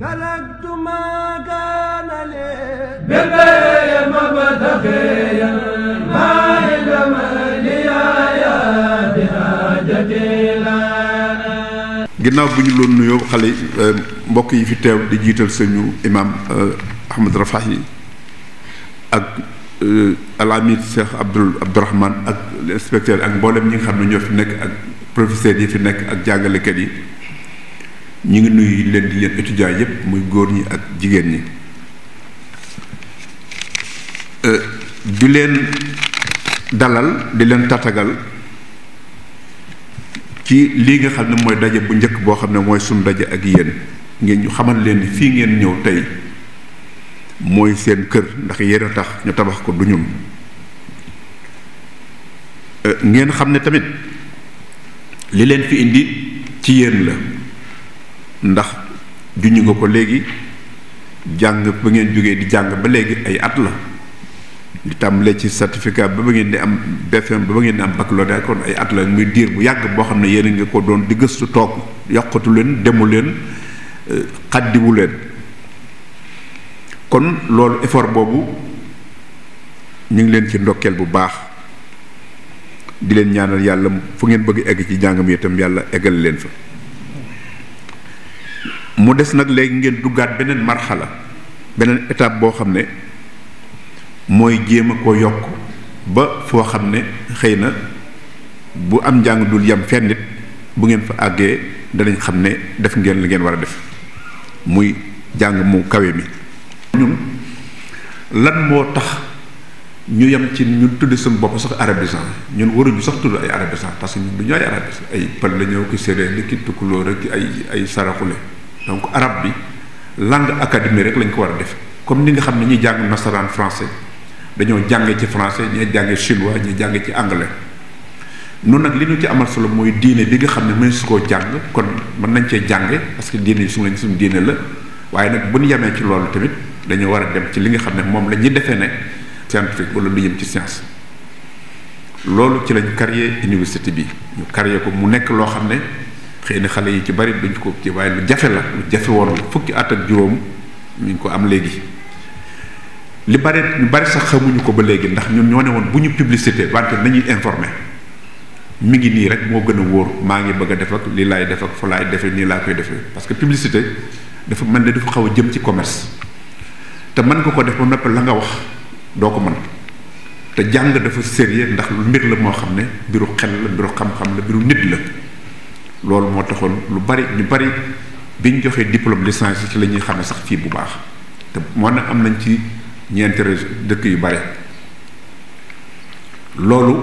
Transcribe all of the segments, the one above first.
تركت ما كان لي بغير مبتغيا ما علم لي يا بحاجتي لنا ginnaaw bu ñu loon nuyoo xale euh, mbokk yi fi teew di jiital suñu imaam euh, Ahmad Rafahi ak euh, alamit Cheikh Abdul Abdourahman ak inspecteur ak mboolem ñi nga xam ne ñoo fi nekk ak professeurs yi fi nekk ak jàngalekat yi ñu ngi nuyu leen di leen étudiants yépp muy góor ñi ak jigéen ñi euh, di leen dalal di leen tatagal ci lii nga xam ne mooy daje bu njëkk boo xam ne mooy suñu daje ak yéen ngeen ñu xamal leen ni fii ngeen ñëw tey mooy seen kër ndax yéen a tax ñu tabax ko du ñun euh, ngeen xam ne tamit li leen fi indi ci yéen la ndax juñu nga ko léegi jàng ba ngeen jógee di jàng ba léegi ay at la li tàmbalee ci certificat ba ba ngeen di am BFM ba ba ngeen di am baccalauréat kon ay at la muy diir bu yàgg boo xam ne yéen ngi ko doon di su toog yokkatu leen demu leen euh, xaddiwu leen kon loolu effort boobu ñu ngi leen ci ndokkeel bu baax di leen ñaanal yàlla fu ngeen bëgg egg ci jàngam yi itam yàlla eggale leen fa mu des nag léegi ngeen duggaat beneen marxala beneen étape boo xam ne mooy jéem a ko yokk ba foo xam ne xëy na bu am njàng dul yam fenn nit bu ngeen fa àggee danañ xam ne def ngeen li ngeen war a def muy jàng mu kawe mi ñun lan moo tax ñu yem ci ñu tudd suñu bopp sax arabisant ñun waruñu sax tudd ay arabisant parce que ñun du ñu ay arabisant ay pël la ñëw ki séréer ki tukkulóor ki ay ay saraxule donc arab bi langue académie rek lañ ko war a defe comme li nga xam ne ñuy jàng nasaraan français dañoo jàngee ci français ñuy jàngee chinois ñuy jàngee ci anglais noonu nag li ñu ci amal solo mooy diine bi nga xam ne mënees koo jàng kon mën nañ cee jànge parce que diine yi suñu suñu diine la waaye nag bu ñu yemee ci loolu tamit dañoo war a dem ci li nga xam ne moom la ñuy defee ne scientifique wala lu jëm ci science loolu ci lañ créé université bi ñu créé ko mu nekk loo xam ne. xëy na xale yi ci bari duñ ko ci waaye lu jafe la lu jafe woon la fukki at ak juróom ñu ngi ko am léegi li bari ñu bari sax xamuñu ko ba léegi ndax ñu ñoo ne woon bu ñu publicité wante nañuy informé mi ngi nii rek moo gën a wóor maa ngi bëgg a def ak lii laay def ak fa laay defee nii laa koy defee parce que publicité dafa mel ne dafa xaw a jëm ci commerce te mën nga ko def ba noppi la nga wax doo ko mën te jàng dafa sérieux ndax mbir la moo xam ne mbiru xel la mbiru xam la mbiru nit la. loolu moo taxoon lu bari ñu bari biñ joxee diplôme licence ci la ñuy xamee sax fii bu baax te moo nag am nañ ci ñeenti dëkk yu bari loolu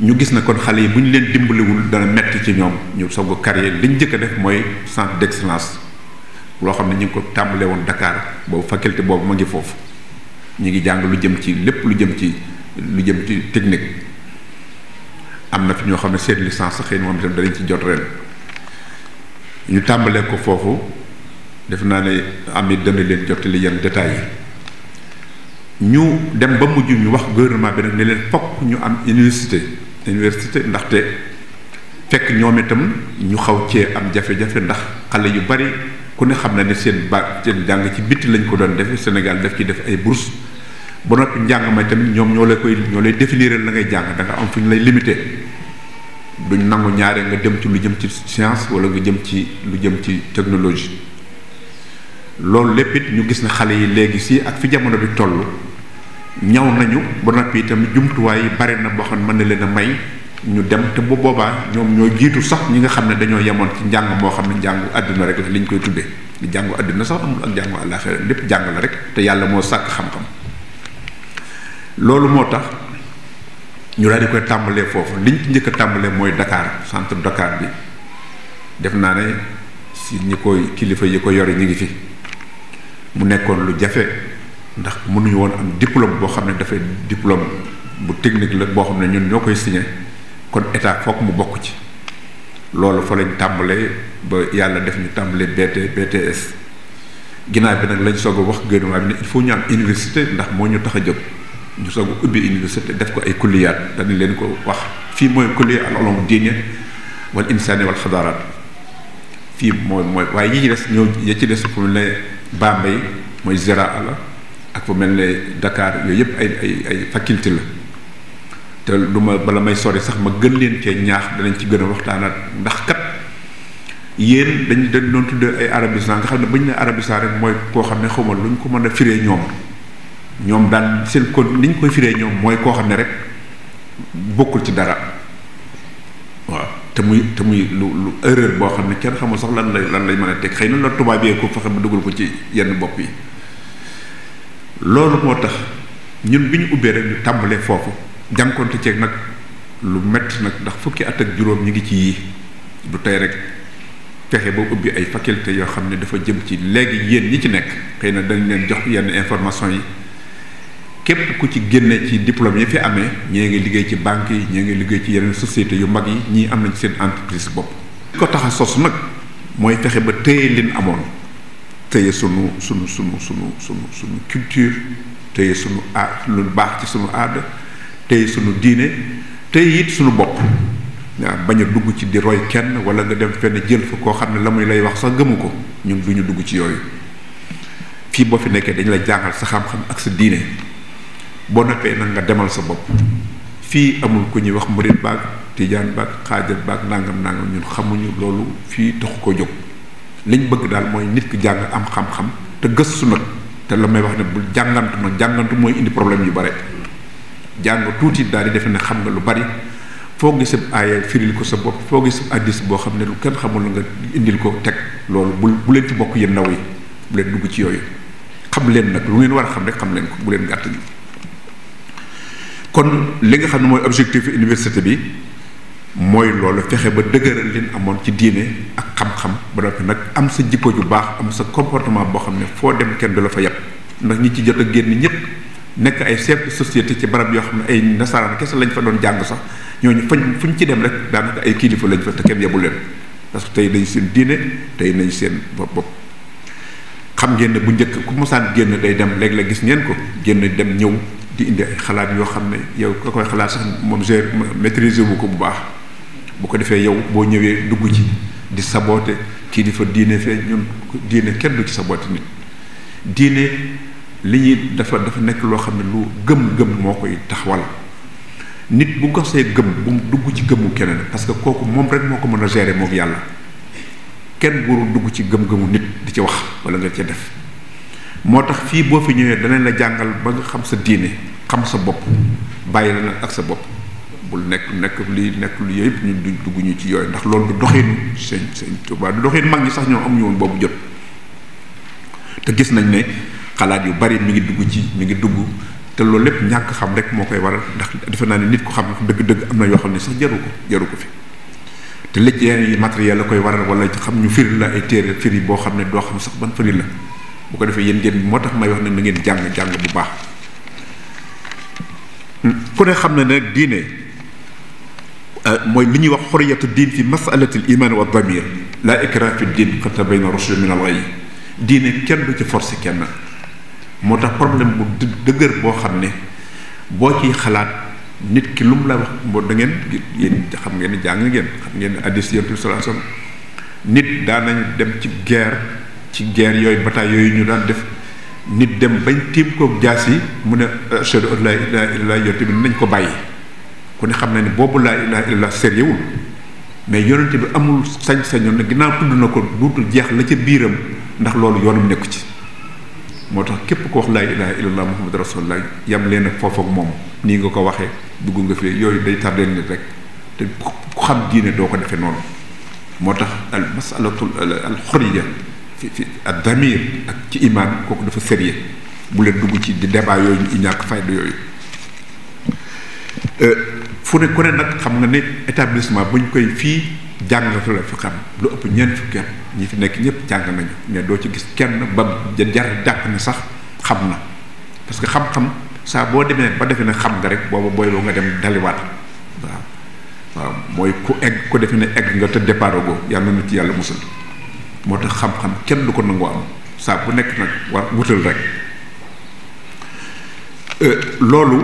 ñu gis na kon xale yi bu ñu leen dimbaliwul dana metti ci ñoom ñu soog a carrière li ñu njëkk a def mooy centre d'excellence loo xam ne ñu ngi ko tàmbalee woon dakaar boobu faculté boobu ma ngi foofu ñu ngi jàng lu jëm ci lépp lu jëm ci lu jëm ci technique am na fi ñoo xam ne seen licence xëy na moom itam danañ ci jot ren ñu tàmbalee ko foofu def naa ne am amit dana leen jottali yenn détails yi ñu dem ba mujj ñu wax gouvernement bi nag ni leen fokk ñu am université université ndaxte fekk ñoom itam ñu xaw cee am jafe-jafe ndax xale yu bari ku ne xam ne ne seen ba seen jàng ci bitti lañ ko doon defee Sénégal daf ci def ay bourse ba noppi njàng ma tamit ñoom ñoo la koy ñoo lay définir la ngay jàng da am fu ñu lay limité duñ nangu ñaare nga dem ci lu jëm ci science wala nga jëm ci lu jëm ci technologie loolu lépp it ñu gis ne xale yi léegi si ak fi jamono bi toll ñaw nañu ba noppi itam jumtuwaay yi bare na boo xam ne mën na leen a may ñu dem te bu boobaa ñoom ñoo jiitu sax ñi nga xam ne dañoo yemoon ci njàng moo xam ne njàngu àdduna rek la koy tuddee li njàngu àdduna sax amul ak njàngu lépp jàng la rek te yàlla moo sàkk xam loolu moo tax ñu daal di koy tàmbalee foofu liñ ci njëkk a tàmbalee mooy dakaar centre Dakar bi def naa ne si ñi koy kilifa yi ko yore ñu ngi fi mu nekkoon lu jafe ndax mu mënuñu woon am diplôme boo xam ne dafay diplôme bu technique la boo xam ne ñun ñoo koy signé kon état foog mu bokk ci loolu fa lañ tàmbalee ba yàlla def ñu tàmbalee BT BTS ginnaaw bi nag lañ soog a wax gouvernement bi ne il am université ndax moo ñu tax a jóg. ñu soog a ubbi université def ko ay kulliyaat dañu leen ko wax fii mooy kulliya al ulum diine wal insaani wal xadaaraat fii mooy mooy waaye yi ci des ñoo ya ci des fu mel ne Bambey mooy ziraa la ak fu mel ne Dakar yooyu yëpp ay ay ay faculté la te lu ma bala may sori sax ma gën leen cee ñaax danañ ci gën a waxtaanaat ndax kat yéen dañ dañ doon tudd ay arabisant nga xam ne bañ ne arabisant rek mooy koo xam ne xawma lu ñu ko mën a firee ñoom ñoom daal seen kon ni ñu koy firee ñoom mooy koo xam ne rek bokkul ci dara waaw te muy te muy lu lu erreur boo xam ne kenn xamul sax lan lay lan lay mën a teg xëy na tubaab yee ko fexe dugal ko ci yenn bopp yi loolu moo tax ñun bi ubbee rek ñu tàmbalee foofu jànkonte ceeg nag lu metti nag ndax fukki at ak juróom ñu ngi ci yii du tey rek fexe ba ubbi ay faculté yoo xam ne dafa jëm ci léegi yéen ñi ci nekk xëy na dañ leen jox yenn information yi képp ku ci génne ci diplôme yi fi amee ñee ngi liggéey ci banque yi ñee ngi liggéey ci yeneen société yu mag yi ñii am nañ seen entreprise bopp ko tax a sos nag mooy fexe ba téye leen amoon téye sunu sunu sunu sunu sunu sunu culture téye sunu aar lu baax ci sunu aada téye sunu diine téye it sunu bopp waaw bañ a dugg ci di roy kenn wala nga dem fenn jël fa koo xam ne la muy lay wax sax gëmu ko ñun du ñu dugg ci yooyu fii boo fi nekkee dañ la jàngal sa xam ak sa diine boo noppee nag nga demal sa bopp fii amul ku ñuy wax murit baag tijaan baag xaajal baag nangam nangam ñun xamuñu loolu fii toxu ko jóg liñ bëgg daal mooy nit ki jàng am xam-xam te gëstu nag te la may wax ne bu jàngantu nag jàngantu mooy indi problème yu bare jàng tuuti daal di defe ne xam nga lu bari foo gis ab aaya firil ko sa bopp foo gis ab addis boo xam ne lu kenn xamul nga indil ko teg loolu bu bu leen ci bokk yéen ndaw yi bu leen dugg ci yooyu xam leen nag lu ngeen war xam rek xam leen ko bu leen gàtt gi kon li nga xam ne mooy objectif université bi mooy loolu fexe ba dëgëral leen amoon ci diine ak xam-xam ba noppi nag am sa jikko ju baax am sa comportement boo xam ne foo dem kenn du la fa yàpp ndax ñi ci jot a génn ñëpp nekk ay chef de ci barab yoo xam ne ay nasaraan kese lañ fa doon jàng sax ñooñu fañ fu ñu ci dem rek daanaka ay kilifa lañ fa te kenn yebu leen parce que tey dañ seen diine tey nañ seen bopp bopp xam ngeen ne bu njëkk ku mosaan génn day dem léeg la gis ngeen ko génn dem ñëw di indi ay xalaat yoo xam ne yow ko koy xalaat sax moom je maîtriser bu ko bu baax bu ko defee yow boo ñëwee dugg ci di saboote kii di fa diine fee ñun diine kenn du ci saboter nit diine li ñuy dafa dafa nekk loo xam ne lu gëm-gëm moo koy taxawal nit bu gosee gëm bu dugg ci gëmu keneen parce que kooku moom rek moo ko mën a gérer moom yàlla kenn warul dugg ci gëm-gëmu nit di ci wax wala nga ca def moo tax fii boo fi ñëwee danañ la jàngal ba xam sa diine xam sa bopp bàyyi la nag ak sa bopp bul nekk nekk lii nekk lu yëpp ñun duñ dugg ñu ci yooyu ndax loolu du doxinu sëñ sëñ Tuubaa du doxin mag ñi sax ñoo am ñu woon boobu jot te gis nañ ne xalaat yu bari mu ngi dugg ci mi ngi dugg te loolu lépp ñàkk xam rek moo koy waral ndax defe naa ne nit ko xam dëgg-dëgg am na yoo xam ne sax jaru ko jaru ko fi te léegi yi matériel la koy waral wala xam ñu firi la ay téere firi boo xam ne doo xam sax ban firi la bu ko defee yéen ngeen moo tax may wax ne na ngeen jàng jàng bu baax ku ne xam ne nag diine euh, mooy li ñuy wax xoriyatu diin fi masalati l wa damir la ikra fi diin qad tabayyana rushd min al ghayy diine kenn du ci forcé kenn moo tax problème bu dëgër boo xam ne boo ciy xalaat nit ki lu mu la wax boo da ngeen yéen xam ngeen jàng ngeen xam ngeen addis yonent bi sallallahu alayhi wasallam nit daanañ dem ci guerre ci guerre yooyu bataille yooyu ñu daan def nit dem bañ tiim koog jaas yi mu ne euh, ashhadu an laa ilaaha bi nañ ko bàyyi ku ne xam na ne boobu laa ilaaha illallaah sériewul mais yonent bi amul sañ-sañoon na ginnaaw tudd na ko duutul jeex la ca biiram ndax loolu yoonam nekku ci moo tax képp ko wax laa ilaaha illallaah muhammad rasulullah yam leen ak foofu moom nii nga ko waxee dugg nga fi yooyu day tardeel nit rek te ku xam diine doo ko defee noonu moo tax al masalatul al xurriya ci ci ak damir ak ci imaan kooku dafa sérieux bu leen dugg ci di débat yooyu ñàkk fayda yooyu euh, fu ne ku nag xam nga ne établissement bu ñu koy fii jàngatu la fi xam lu ëpp ñeent fukki ñi fi nekk ñëpp jàng nañu mais doo ci gis kenn ba jar jàpp ne sax xam na parce que xam-xam saa boo demee ba defe ne xam nga rek booba booy boo nga dem daliwaat waaw mooy ku egg ku defe ne egg nga te départ goo yàlla na ci yàlla musal moo tax xam-xam kenn du ko nangu am saa bu nekk nag war wutal rek euh, loolu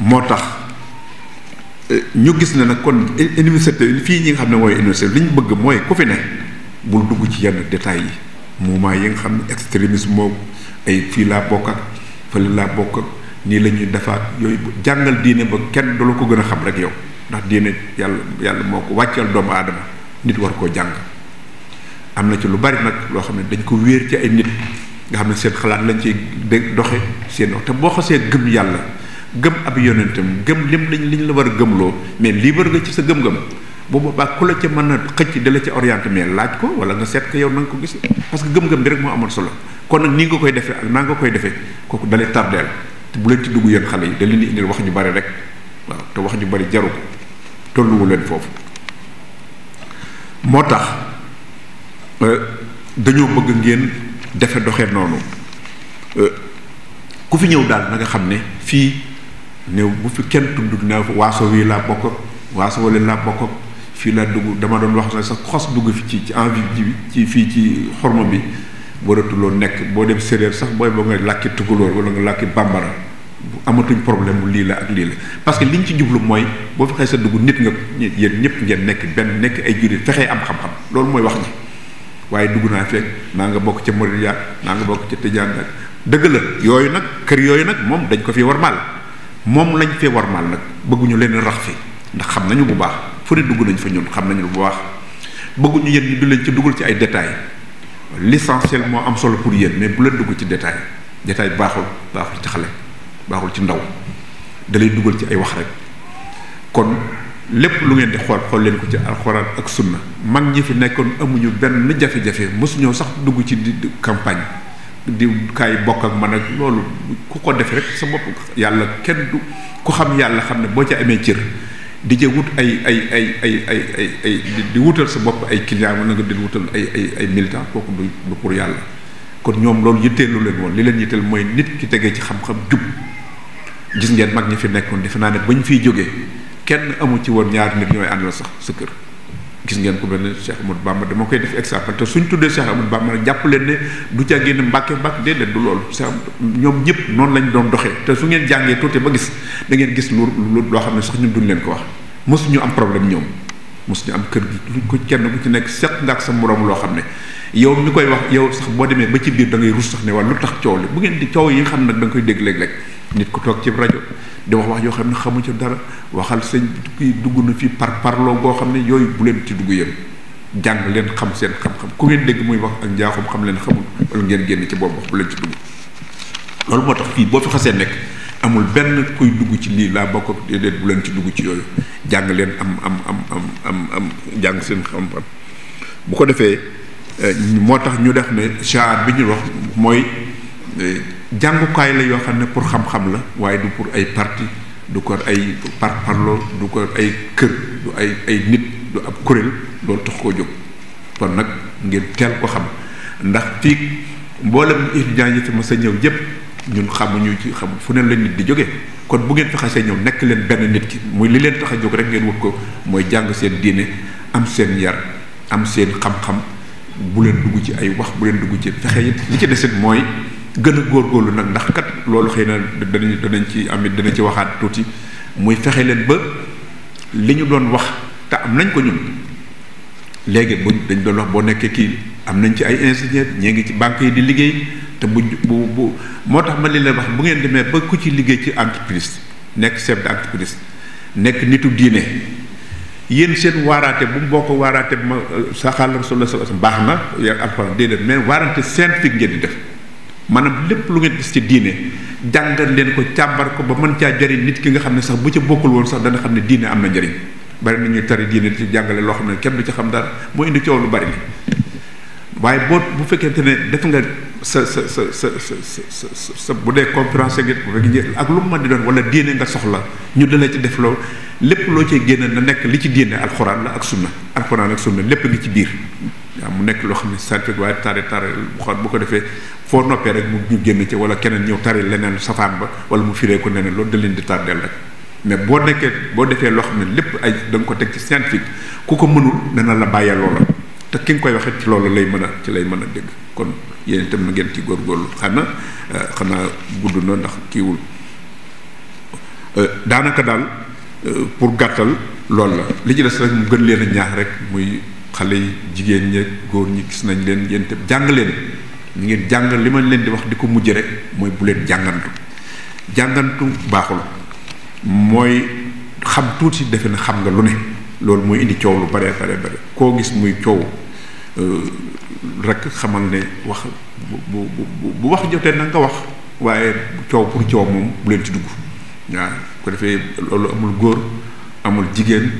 moo tax euh, ñu gis ne nag kon université fii ñi nga xam ne mooy université li ñu bëgg mooy ku fi ne bul dugg ci yenn détails yi mouvement yi nga xam ne extrémisme moom ay fii laa bokk ak fële laa bokk ak nii la ñuy defaat yooyu jàngal diine ba kenn du la ko gën a xam rek yow ndax diine yàlla yàlla moo ko wàcceel doomu aadama nit war koo jàng am na ci lu bari nag loo xam ne dañ ko wéer ci ay nit nga xam ne seen xalaat lañ ciy doxe seen te boo xasee gëm yàlla gëm ab yonentam gëm lim lañ liñ la war a gëmloo mais libre nga ci sa gëm-gëm bu boobaa ku la ca mën a xëcc da la ca orienté mais laaj ko wala nga seet ko yow na nga ko gis parce que gëm-gëm bi rek moo amoon solo kon nag nii nga koy defee ak naa nga koy defee kooku dalee tardeel te bu leen ci dugg yéen xale yi da leen di wax ju bari rek waaw te wax ju bari jaru ko foofu moo tax Euh, dañoo bëgg ngeen defe doxee noonu euh, ku fi ñëw daal na nga xam ne fii néew bu fi kenn tudd na waaso wii laa bokk waaso wala laa bokk fii laa dugg dama doon wax sax xos dugg fi ci ci envie bi ci fii ci xorma bi waratuloo nekk boo dem séeréer sax booy boo nga làkki tukulóor wala nga làkki bu amatuñ problème mu lii la ak lii la parce que liñ ci jublu mooy boo fexee sa dugg nit nga yéen ñëpp ngeen nekk benn nekk ay jullit fexee am xam-xam loolu mooy wax waaye dugg naa fekk naa nga bokk ca Moridia naa nga bokk ca Tijaan nag dëgg la yooyu nag kër yooyu nag moom dañ ko fi war warmaal moom lañ fee warmaal nag bëgguñu leen rax fi ndax xam nañu bu baax fu ne dugg nañ fa ñun xam nañu bu baax bëgguñu yéen ñu du leen ci dugal ci ay détails l'essentiel moo am solo pour yéen mais bu leen dugg ci détail détail baaxul baaxul ci xale baaxul ci ndaw dalay duggal ci ay wax rek kon lépp lu ngeen di xool xool leen ko ci alxuraan ak sunna mag ñi fi nekkoon amuñu benn jafe-jafe mosuñoo sax dugg ci di campagne di kaay bokk ak man ak loolu ku ko def rek sa bopp yàlla kenn du ku xam yàlla xam ne boo ca amee cër di ca wut ay ay ay ay ay ay ay di wutal sa bopp ay client wala nga di wutal ay ay ay militant kooku du du pour yàlla kon ñoom loolu yitteelu leen woon li leen yitteel mooy nit ki tegee ci xam-xam jub gis ngeen mag ñi fi nekkoon defe naa ne ba ñu fiy jógee kenn amu ci woon ñaari nit ñooy àndal sax sa kër gis ngeen ko benn Cheikh Amadou Bamba dama koy def exemple te suñ tuddee Cheikh Amadou Bamba nag jàpp leen ne du ca génn mbàkke mbàkke déedéet du loolu Cheikh ñoom ñëpp noonu lañ doon doxee te su jàngee tuuti ba gis da ngeen gis lu loo xam ne sax ñun duñ leen ko wax mosu ñu am problème ñoom mosuñu am kër gi lu ko kenn ku ci nekk seq nga ak sa moroom loo xam ne yow mi koy wax yow sax boo demee ba ci biir da ngay rus sax ne wala lu tax coow li bu ngeen di coow yi nga xam nag da nga koy dégg léeg-léeg nit ci rajo di wax wax yoo xam ne xamu ca dara waxal sëñ kii dugg na fii par parloo goo xam ne yooyu bu leen ci dugg yéen jàng leen xam seen xam ku ngeen dégg muy wax ak njaaxum xam leen xamul wala ngeen génn ci boobu wax bu ci dugg loolu moo tax fii xasee nekk amul benn kuy dugg ci lii laa bokk ak bu leen ci dugg ci yooyu jàng leen am am am am am am jàng seen xam-xam bu ko defee euh, moo tax ñu def ne shaar bi ñu wax mooy euh, jàngukaay la yoo xam ne pour xam-xam la waaye du pour ay parti du ko ay par parlo du ko ay kër du ay ay nit du ab kuréel loolu tax koo jóg kon nag ngeen teel ko xam ndax fii mboolem étudiants yi fi ma sa ñëw yépp ñun xamuñu ci xam fu ne la nit di jóge kon bu ngeen fexasee ñëw nekk leen benn nit ki muy li leen tax a jóg rek ngeen wut ko mooy jàng seen diine am seen yar am seen xam-xam bu leen dugg ci ay wax bu leen dugg ci fexe it li ci desit mooy gën a góorgóorlu nag ndax kat loolu xëy na danañ danañ ci amit danañ ci waxaat tuuti muy fexe leen ba li ñu doon wax te am nañ ko ñun léegi bu dañ doon wax boo nekkee kii am nañ ci ay ingénieur ñee ngi ci banques yi di liggéey te bu bu bu moo tax ma li leen wax bu ngeen demee ba ku ci liggéey ci entreprise nekk chef d'entreprise nekk nitu diine yéen seen waaraate bu mu boo ko bu ma euh, saxaal rasulullah sallallahu alayhi wasallam baax na yar alxuraan déedéet mais waaraate scientifique ngeen di def maanaam lépp lu nga gis ci diine jàngal leen ko càmbar ko ba mën caa jariñ nit ki nga xam ne sax bu ca bokkul woon sax dana xam ne diine am na njariñ bari na ñuy tari diine ci jàngale loo xam ne kenn du ci xam dara moo indi coow lu bari li waaye boo bu fekkente ne def nga sa sa sa sa sa sa bu dee conférence gi ak lu mu mën di doon wala diine nga soxla ñu la ci def loo lépp loo cay génne na nekk li ci diine alxuraan la ak sunna alxuraan ak sunna lépp ngi ci biir waaw mu nekk loo xam ne scientifique waaye tari tari bu ko defee foo noppee rek mu ñu génn ci wala keneen ñëw tari leneen safaan ba wala mu firee ko neneen loolu da leen di tardeel rek mais boo nekkee boo defee loo xam ne lépp ay da ko teg ci scientifique ku ko mënul dana la bàyyee loola te ki koy waxee ci loolu lay mën a ci lay mën a dégg kon yéen itam na ngeen ci góorgóorlu xanaa euh, xanaa gudd na ndax kiiwul euh, daanaka daal euh, pour gàttal loolu la li ci des rek mu gën leen a ñaax rek muy. xale yi jigéen ñi góor ñi gis nañ leen yéen itam jàng leen ñu ngeen jàng li ma leen di wax di ko mujj rek mooy bu leen jàngantu jàngantu baaxul mooy xam tuuti defe na xam nga lu ne loolu mooy indi coow lu bare bare bare koo gis muy coow euh, rek xamal ne wax bu bu bu wax jotee na nga wax waaye coow pour coow moom bu leen ci dugg waaw ko defee loolu amul góor amul jigéen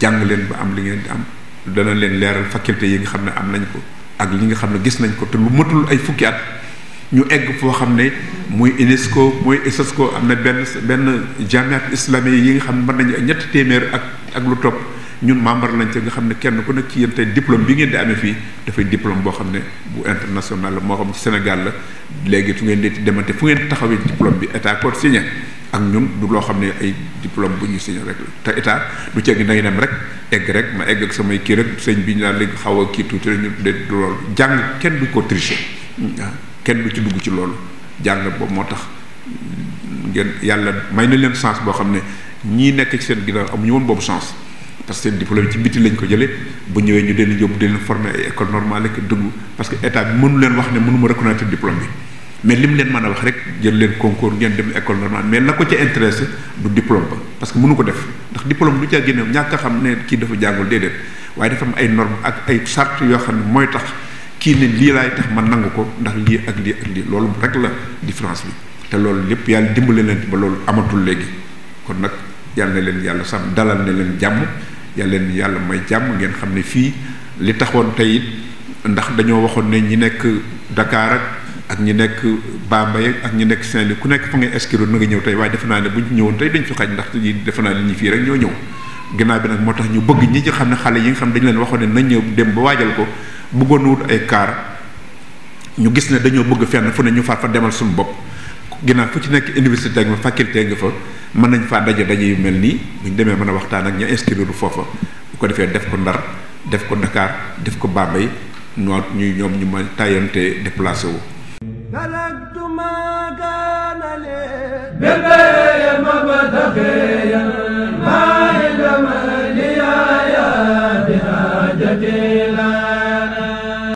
jàng leen ba am li ngeen am dana leen leeral faculté yi nga xam ne am nañ ko ak li nga xam ne gis nañ ko te lu matul ay fukki at ñu egg foo xam ne muy UNESCO muy ISESCO am na benn benn jamiat islamique yi nga xam ne mën nañu ñett téeméer ak ak lu topp ñun membre lañ ca nga xam ne kenn ku nekk ci yéen tey diplôme bi ngeen di amee fii dafay diplôme boo xam ne bu international la moo xam ci Sénégal la léegi fu ngeen de di demante fu ngeen taxawee diplôme bi état ko signé ak ñun du loo xam ne ay diplôme bu ñuy signé rek te état du ceeg nay dem rek egg rek ma egg ak samay kii rek sëñ bi ñu naan léegi xaw a kii tuuti rek ñu de du loolu jàng kenn du ko tricher ah, kenn du ci dugg ci loolu jàng boobu moo tax ngeen yàlla may na leen chance boo xam ne ñii nekk ci seen ginnaaw amuñu woon boobu chance parce que seen ci biti lañ ko jëlee bu ñëwee ñu deen yóbbu di leen former ay école normale ak dugg parce que état bi mënu leen wax ne mënu ma reconnaître diplôme bi mais li mu leen mën a wax rek jël leen concours ngeen dem école normale mais la ko ca intéressé du diplôme ba parce que mënu ko def ndax diplôme du ca génneem ñàkk a xam ne kii dafa jàngul déedéet waaye dafa am ay normes ak ay charte yoo xam ne mooy tax kii ne lii laay tax ma nangu ko ndax lii ak lii ak loolu rek la différence te loolu lépp yàlla dimbale leen ba loolu amatul léegi kon nag yàlla na leen yàlla sàmm dalal na leen jàmm yàlla leen yàlla may jàmm ngeen xam ne fii li taxoon tey ndax dañoo waxoon ne ñi nekk Dakar ak ak ñi nekk Bambey ak ñi nekk seen louis ku nekk fa ngay escrow na nga ñëw tey waaye defe naa ne bu ñu ñëwoon tey dañ fi xaj ndax defe naa ne ñi fii rek ñoo ñëw ginnaaw bi nag moo tax ñu bëgg ñi ci xam ne xale yi nga xam ne dañu leen waxoon ne nañ ñëw dem ba waajal ko bëggoon wut ay kaar ñu gis ne dañoo bëgg fenn fu ne ñu far fa demal suñu bopp ginnaaw fu ci nekk université ak ma faculté nga fa mën nañ faa daje daje yu mel nii bu ñu demee mën a waxtaan ak ñu inscrire foofa bu ko defee def ko Ndar def ko Dakar def ko Bambey noo ñu ñoom ñu ma tayante déplacé wu